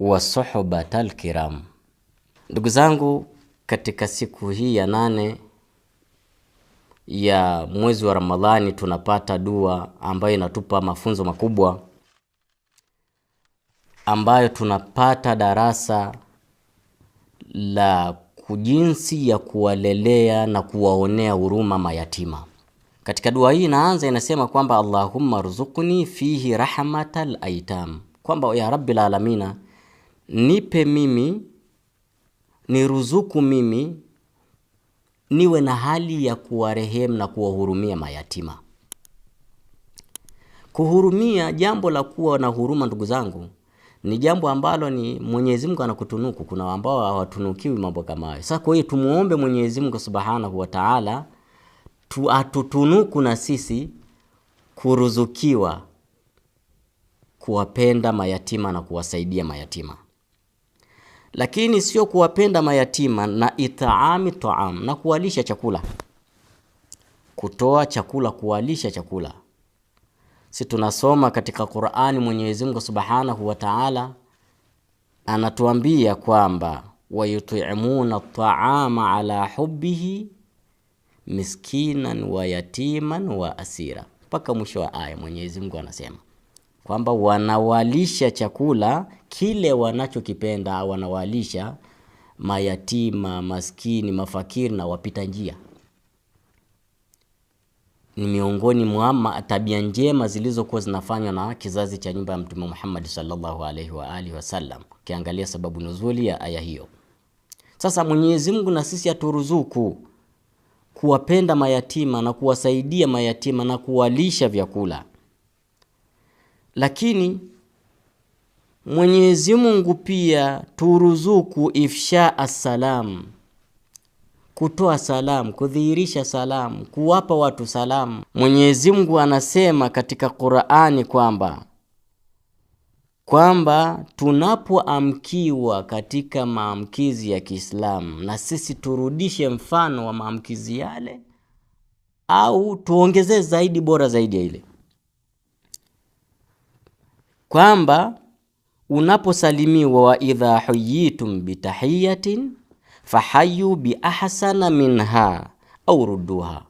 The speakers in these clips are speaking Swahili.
wa suhubatal kiram. Ndugu zangu, katika siku hii ya nane ya mwezi wa Ramadhani tunapata dua ambayo inatupa mafunzo makubwa, ambayo tunapata darasa la jinsi ya kuwalelea na kuwaonea huruma mayatima. Katika dua hii inaanza inasema kwamba Allahumma ruzukni fihi rahmatal aitam, kwamba ya rabbil alamina nipe mimi, niruzuku mimi, niwe na hali ya kuwarehemu na kuwahurumia mayatima. Kuhurumia, jambo la kuwa na huruma, ndugu zangu, ni jambo ambalo ni Mwenyezi Mungu anakutunuku. Kuna ambao hawatunukiwi mambo kama hayo. Sasa kwa hiyo tumuombe Mwenyezi Mungu Subhanahu wa Ta'ala atutunuku na sisi kuruzukiwa kuwapenda mayatima na kuwasaidia mayatima lakini sio kuwapenda mayatima na itaami taam, na kuwalisha chakula, kutoa chakula, kuwalisha chakula. Si tunasoma katika Qur'ani, Mwenyezi Mungu Subhanahu wa Ta'ala anatuambia kwamba wayutimuna taama ala hubbihi miskinan wa yatiman wa asira, mpaka mwisho wa aya. Mwenyezi Mungu anasema kwamba wanawalisha chakula kile wanachokipenda, wanawalisha mayatima, maskini, mafakiri na wapita njia. Ni miongoni mwa tabia njema zilizokuwa zinafanywa na kizazi cha nyumba ya Mtume Muhammad sallallahu alaihi wa alihi wasallam, ukiangalia sababu nuzuli ya aya hiyo. Sasa Mwenyezi Mungu na sisi aturuzuku kuwapenda mayatima na kuwasaidia mayatima na kuwalisha vyakula lakini Mwenyezi Mungu pia turuzuku ifsha assalam, kutoa salamu, kudhihirisha salamu, kuwapa watu salamu. Mwenyezi Mungu anasema katika Qur'ani kwamba kwamba tunapoamkiwa katika maamkizi ya Kiislamu na sisi turudishe mfano wa maamkizi yale au tuongezee zaidi, bora zaidi ya ile kwamba unaposalimiwa wa idha huyitum bitahiyatin fahayu biahsana minha au rudduha.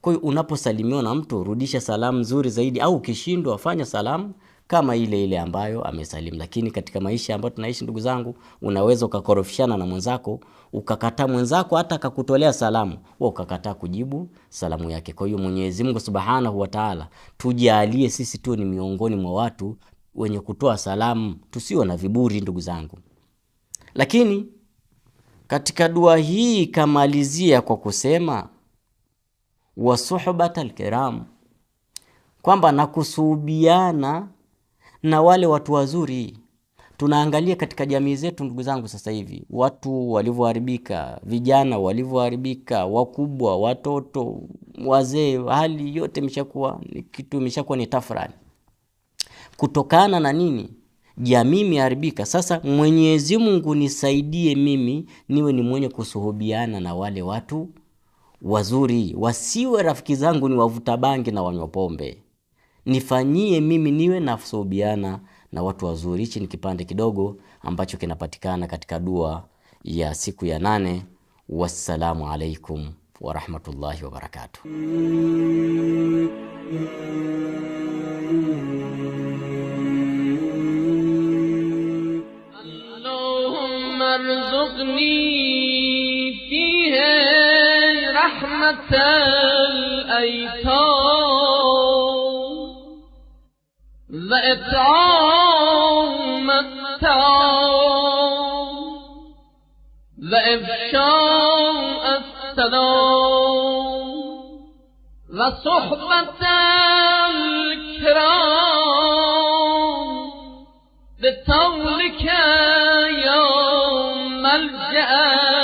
Kwa hiyo unaposalimiwa na mtu rudisha salamu nzuri zaidi, au ukishindwa fanya salamu kama ile ile ambayo amesalimu. Lakini katika maisha ambayo tunaishi, ndugu zangu, unaweza ukakorofishana na mwenzako ukakataa mwenzako hata akakutolea salamu, wewe ukakataa kujibu salamu yake. Kwa hiyo Mwenyezi Mungu Subhanahu wa Ta'ala, tujalie sisi tu ni miongoni mwa watu wenye kutoa salamu, tusio na viburi ndugu zangu. Lakini katika dua hii kamalizia kwa kusema wasuhbatal kiram, kwamba nakusuhubiana na wale watu wazuri. Tunaangalia katika jamii zetu, ndugu zangu, sasa hivi watu walivyoharibika, vijana walivyoharibika, wakubwa, watoto, wazee, hali yote imeshakuwa ni kitu, imeshakuwa ni tafrani. Kutokana na nini? Jamii imeharibika. Sasa Mwenyezi Mungu nisaidie mimi niwe ni mwenye kusuhubiana na wale watu wazuri, wasiwe rafiki zangu ni wavuta bangi na wanywa pombe nifanyie mimi niwe nasaubiana na watu wazuri. Hichi ni kipande kidogo ambacho kinapatikana katika dua ya siku ya nane. Wassalamu alaikum warahmatullahi wabarakatuh. وإبداع متاع السلام وصحبة الكرام بطولك يوم ملجأ